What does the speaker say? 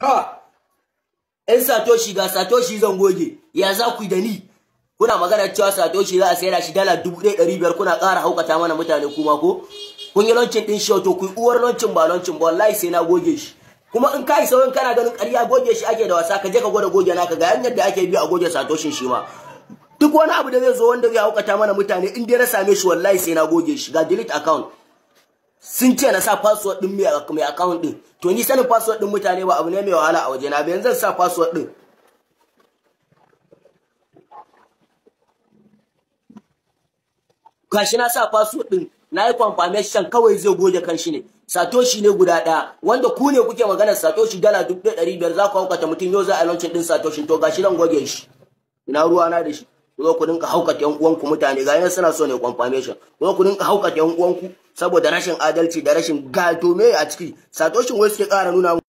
ha in satoshi ga satoshi zan goge ya za ku da ni kuna magana cewa satoshi za a sayar shi dala dubu ɗaya ɗari biyar kuna ƙara haukata mana mutane kuma ko kun yi lancin ɗin shi ku uwar lancin ba lancin ba wallahi sai na goge shi kuma in kai sauran kana ganin ƙarya goge shi ake da wasa ka je ka gwada goge naka ga hanyar da ake bi a goge satoshi shi ma duk wani abu da zai zo wanda zai haukata mana mutane in dai na same shi wallahi sai na goge shi ga delete account sun ce na sa password din mai account din to ni sanin password din mutane ba abu ne mai wahala a waje na ba zan sa password din gashi na sa password din na yi confirmation kawai zai goge kanshi ne satoshi ne guda ɗaya wanda ku ne kuke magana satoshi dala duk da ɗari biyar za ku haukata mutum yau za a launcin ɗin satoshi to gashi zan goge shi ina ruwa na da shi ku zo ku dinka haukata yan uwanku mutane ga suna so ne confirmation ku zo ku dinka haukata yan uwanku saboda rashin adalci da rashin gato me a ciki satoshin wai suke ƙara nuna